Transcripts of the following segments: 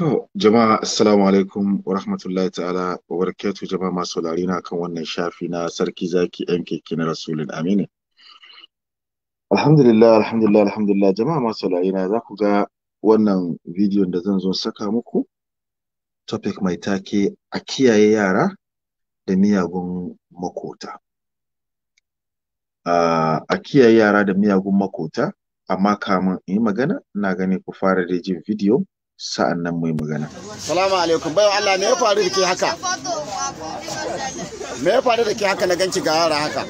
To, jama'a assalamu alaikum wa rahmatullahi ta'ala wa barakatuh jama'a masu na kan wannan shafi na sarki zaki yan keke na rasulun amini. Alhamdulillah, alhamdulillah, alhamdulillah jama'a masu na za ku ga wannan bidiyon da zan zo saka muku topic mai take a kiyaye yara da miyagun makota. a kiyaye yara da miyagun makota, amma kamun in yi magana, ina gani ku fara da jin bidiyo sa'an nan mai magana. Salamu alaikum bayan Allah me ya faru da ke haka? Me ya faru da ke haka na ganci ga yara haka?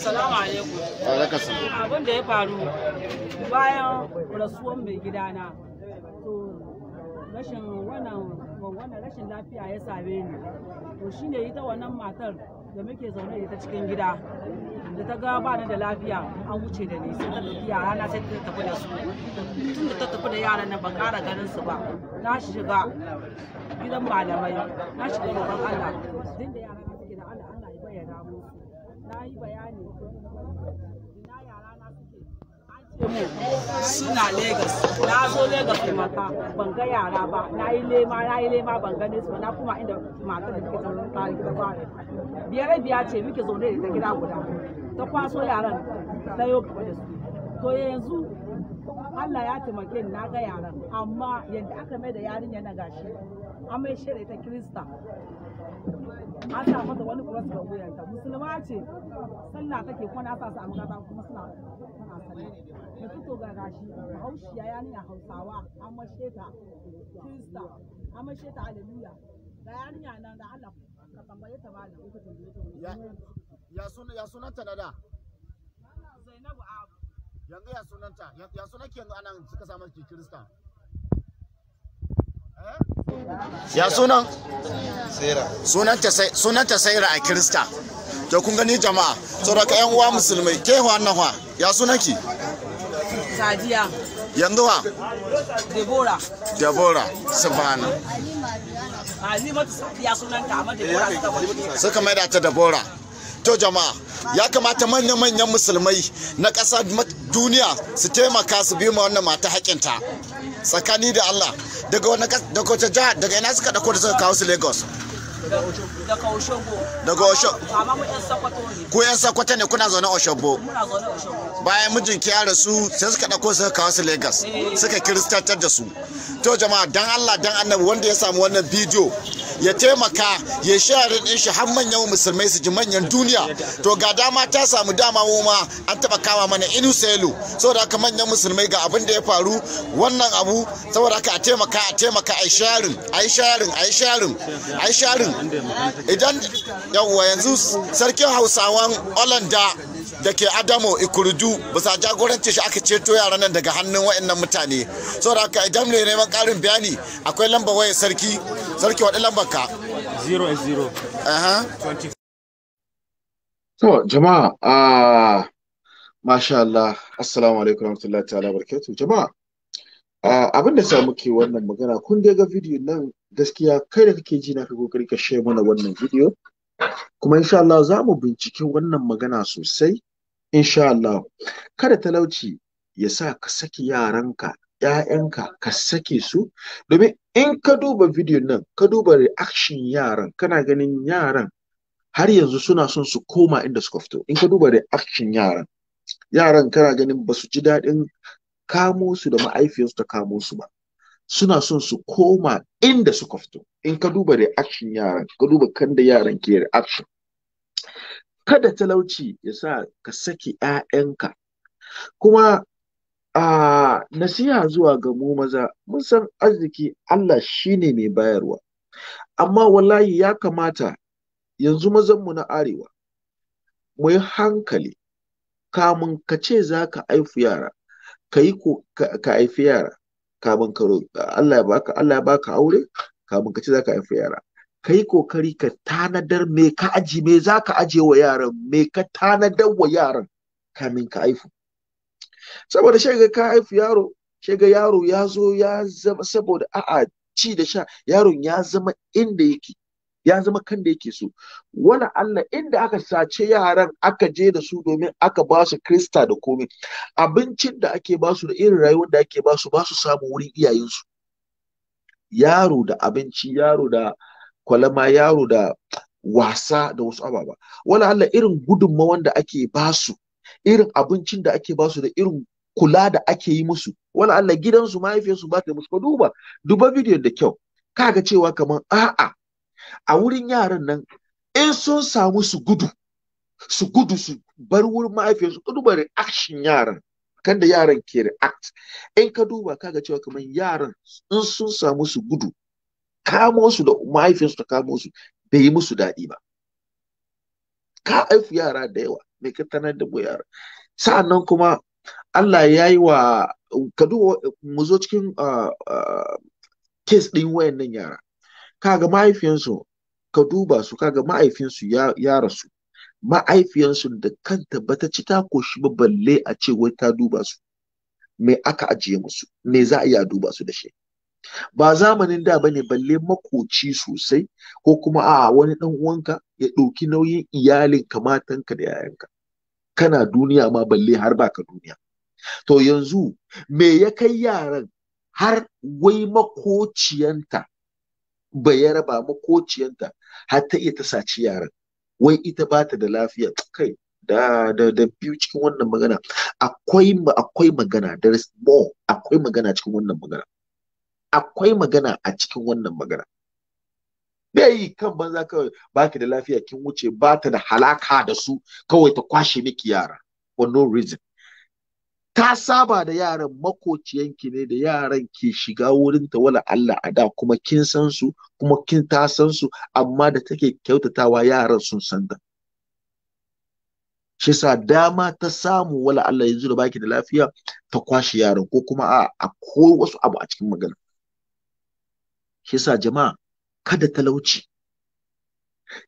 Salamu alaikum. Abin da ya faru bayan rasuwan mai gidana. rashin wannan rashin lafiya ya same ni to shine ita wannan matar da muke zaune ita cikin gida da ta ga ba da lafiya an wuce da ni sai ta ɗauki yara na sai ta tafi da su tun da ta tafi da yaran nan ban kara ganin su ba na shiga gidan malamai na shiga roƙon Allah din da yara na suke da Allah Allah ya bayyana mu na yi bayani suna Legas. Na zo Legas da mata ban ga yara ba. Na yi lema, na yi lema ban gane su ba. Na kuma inda mata da take zaune ta gida ba. Biyar biya ce muke zaune da ta gida guda. Ta kwaso yaran ta yau gaba da su. To yanzu Allah ya taimake ni na ga yaran amma yadda aka mai da yarinya na gashi amai shi da ita kirista an sa mata wani cross ga ta. musulma ce sallah take kwana sa su a magata kuma suna tana sallah da fito ga gashi bahaushiya ya nuna hausawa Amma mashe ta kirista an mashe ta haleluya ga yarinya nan da Allah ka tambaye ta malam ya ya sunanta na da Zainabu Abu yanzu ya sunanta ya sunan ki yanzu anan suka samar ki kirista ya sunan sunanta sunanta saira a kirista to kun gani jama'a saboda yan uwa musulmai ke na wa ya ki? sadiya yanzu wa debora debora subhana suka maida ta debora to jama'a ya kamata manya-manyan musulmai na ƙasa duniya su taimaka su bi ma wannan mata haƙinta tsakani da Allah daga wani daga wata jiha daga ina suka dauko da suka kawo su Lagos daga Oshogbo daga Oshogbo amma mu yan ne ku yan Sokoto ne kuna zaune Oshogbo muna zaune Oshogbo bayan mijinki ya rasu sai suka dauko suka kawo su Lagos eh. suka kiristantar da su to jama'a dan Allah dan Annabi wanda ya samu wannan bidiyo ya taimaka ya sharin din shi har manyan musulmai su ji manyan duniya to ga dama ta samu dama mu ma an taba kama mana inu selo saboda haka manyan musulmai ga abin da ya faru wannan abu saboda haka a taimaka a taimaka a sharin a sharin a sharin a sharin idan yawwa yanzu sarkin hausawan olanda da ke adamo ikurju bisa jagoranci shi aka ceto yaran nan daga hannun wa'annan mutane saboda haka idan ne neman karin bayani akwai lambar waya sarki sarki wadda lambar ka 0 to jama'a a ah, masha Allah assalamu alaikum warahmatullahi ta'ala barkatu jama'a ah, abin da sa muke wannan magana kun ga bidiyon nan gaskiya kai da kake ji na ka kokari ka share mana wannan bidiyo kuma insha Allah za mu binciki wannan magana sosai insha Allah kada talauci ya sa ka saki yaranka ‘ya'yanka ka sake su domin in ka duba bidiyon nan ka duba reaction yaran kana ganin yaran har yanzu suna son su koma inda suka fito in ka duba reaction yaran yaran kana ganin ba su ji daɗin kamo su da ma'aifiyarsu ta kamo su ba suna son su koma inda suka fito in ka duba reaction yaran ka duba kan da yaran ke reaction kada talauci ya sa ka saki 'ya'yanka kuma a nasiha zuwa ga mu maza mun san arziki Allah shine mai bayarwa amma wallahi ya kamata yanzu mazan mu na arewa mu yi hankali kamun ka ce za ka yara ka yi ka haifi yara kamun ka Allah ya baka Allah ya baka aure kamun ka ci zaka haifi yara kai kokari ka tanadar me ka aji me zaka aje wa yaran me ka tanadar wa yaran kamin ka haifu saboda shi ka haifu yaro shi yaro ya zo ya zama saboda a'a ci da sha yaron ya zama inda yake ya zama kan da yake so wala Allah inda aka sace yaran aka je da su domin aka ba su krista da komai abincin da ake ba su da irin rayuwar da ake ba su ba su samu wurin iyayensu yaro da abinci yaro da kwalama yaro da wasa da wasu ababa wala Allah irin gudunmawan da ake ba su irin abincin da ake ba su da irin kula da ake yi musu wala Allah gidansu mahaifiyarsu ba ta musu duba duba bidiyon da kyau kaga cewa kamar a'a a wurin yaran nan in sun samu su gudu su gudu su bar wurin mahaifiyarsu ka duba action yaran kan da yaran ke react in ka duba kaga cewa kamar yaran in sun samu su gudu kamo su da mahaifiyarsu su kamo su bai yi musu daɗi ba ka aifu yara da yawa mai ka tanar da mu yara sa'annan kuma Allah ya yi wa ka duba mu zo cikin kes ah, ah, ɗin wayannan yara kaga mahaifiyansu ka duba su kaga mahaifinsu ya, ya rasu mahaifiyarsu da kanta bata ci ta koshi ba balle a ce wai ta duba su me aka ajiye musu me za a iya duba su da shi ba zamanin da bane balle makoci sosai ko kuma a wani dan uwanka ya ɗauki nauyin iyalin ka da yayanka kana duniya ma balle har baka duniya to yanzu me ya kai yaran har wai makociyanta Bai bayaraba makociyanta har ta iya ta saci yaran wai ita ba ta da lafiya kai da da da biyu cikin wannan magana akwai akwai magana there is akwai magana cikin wannan magana akwai magana a cikin wannan magana bai kan banza kawai ba ki da lafiya kin wuce ba ta da halaka da su kawai ta kwashe miki yara for no reason ta saba da yaran makociyanki ne da yaran ke shiga wurinta wala Allah a da kuma kin san su kuma kin ta san su amma da take kyautatawa yaran sun san ta shi sa dama ta samu wala Allah yanzu da baki da lafiya ta kwashe yaran ko kuma a akwai wasu abu a cikin magana shi sa jama'a kada talauci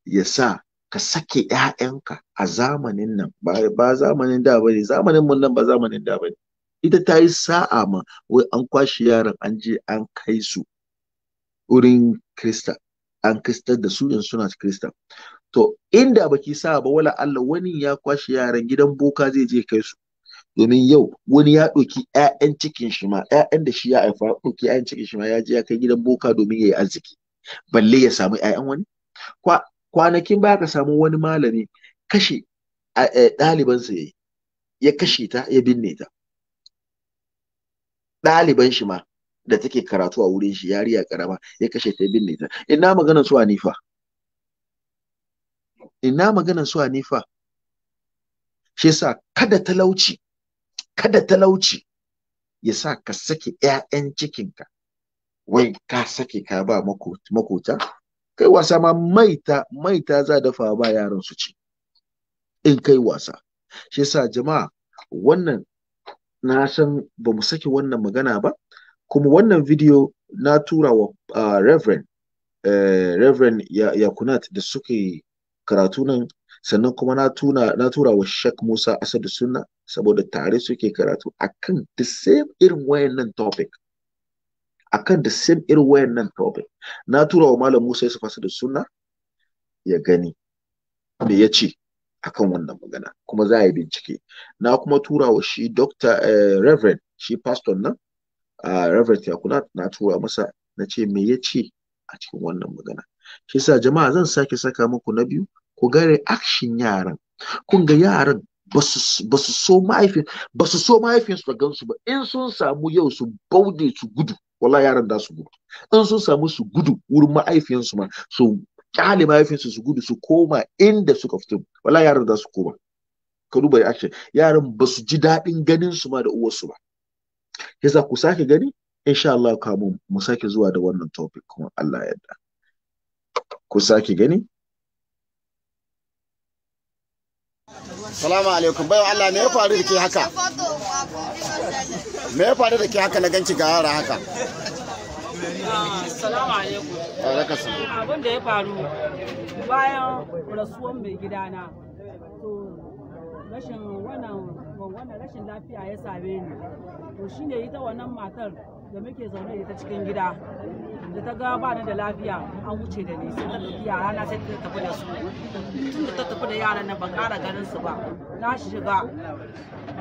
ya sa ka sake ‘ya'yanka a zamanin nan ba zamanin da ba ne zamanin mun nan ba zamanin da ba ne ita ta yi sa'a ma wai an kwashe yaran an je an kai su wurin krista an kristar da su yanzu suna krista to inda baki sa'a ba wala Allah wani ya kwashe yaran gidan boka zai je kai su domin yau wani ya ɗauki 'ya'yan cikin shi ma 'ya'yan da shi ya haifa ɗauki 'ya'yan cikin shi ma ya je ya kai gidan boka domin ya yi arziki balle ya samu 'ya'yan wani kwa kwanakin baya ka samu wani malami kashe eh, ɗalibansa ya yi ya kashe ta ya binne ta ɗaliban shi ma da take karatu a wurin shi yariya karama ya kashe ta ya binne ta ina maganar su nifa? ina maganar su nifa? shi yasa kada talauci kada talauci ya sa ka sake 'ya'yan cikinka wai ka sake ka ba makota kai wasa ma maita maita za dafa ba yaran su ci in kai wasa shi yasa jama'a wannan na san ba mu saki wannan magana ba kuma wannan video na tura wa uh, reverend uh, reverend yakunat ya da suke karatu nan sannan kuma na tuna na tura wa Sheikh Musa Asadu Sunna saboda tare suke karatu akan the same irin wayannan topic akan da same irin wayan nan topic na tura wa malam Musa fasa da sunna ya gani me ya ce akan wannan magana kuma za a yi bincike na kuma tura wa shi Dr. Eh, Reverend shi pastor nan Reverend kula na tura masa na ce me ya ce a cikin wannan magana shi sa jama'a zan sake saka muku na biyu ku ga reaction yaran kun ga yaran ba su so mahaifin ba so mahaifin su gansu ba in sun samu yau su baude su gudu wallahi yaran da su gudu in sun samu su gudu wurin ma'aifiyansu ma su kyale mahaifinsu su gudu su koma inda suka fito wallahi yaran da su koma ka duba reaction yaran ba su ji daɗin ganin su ma da uwarsu ba yasa ku sake gani insha Allah kamun mu sake zuwa da wannan topic kuma Allah yarda ku sake gani salamu alaikum bayan allah me ya faru da ke haka me ya faru da ke haka na ganci ga yara haka salamu alaikum abin da ya faru bayan rasuwan mai gidana to rashin wannan rashin lafiya ya same ni to shine ita wannan matar da muke zaune da ta cikin gida da ta ga ba ni da lafiya an wuce da ni sai ta ɗauki yara na sai ta tafi da su tun da ta tafi da yaran nan ban ƙara ganin su ba na shiga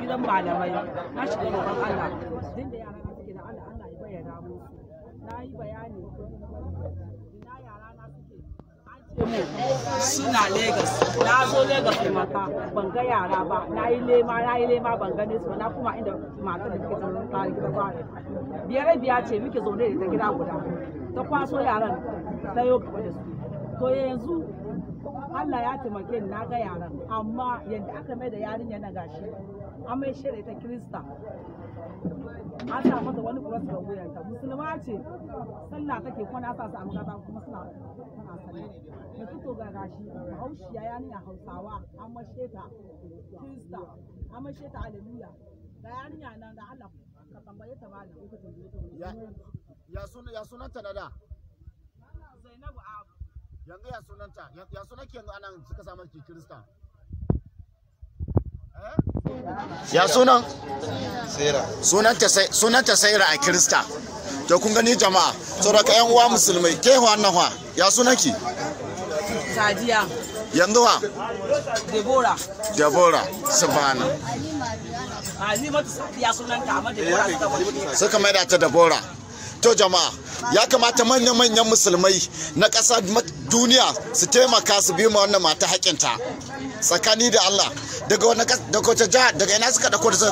gidan malamai na shiga gaban Allah duk da yara na suke da Allah Allah ya bayyana musu na yi bayani suna Legas. Na zo Legas taimaka ban ga yara ba. Na yi lema, na yi lema ban gane su Na kuma inda matar da take zaune ta gida ba. Biyar biya ce muke zaune da ta gida guda. Ta kwaso yaran ta yau gaba da su. To yanzu Allah ya taimake ni na ga yaran amma yadda aka mai da yarinya na gashi an mai shirya ta Kirista an sa mata wani kuras ga wuyanta musulma ce sallah kake kwana sa su a magata kuma suna suna sallah da fito ga gashi yani a Hausawa an mashe ta Kirista an mashe ta Haleluya ga yarinya na da Allah ka tambaye ta ba ya sunanta na da Zainabu Abu yanzu ya sunanta ya sunan ke yanzu anan suka samu ke kirista eh? ya sunan sunanta sunanta saira a kirista to kun gani jama'a saboda yan uwa musulmai ke ho annan wa ya sunanki sadiya yanzu ha debora debora subhana ya amma debora suka maida ta debora to jama'a ya kamata manya-manyan musulmai na ƙasa duniya su taimaka su bi ma wannan mata haƙinta tsakani da Allah daga wata daga ina suka ɗauko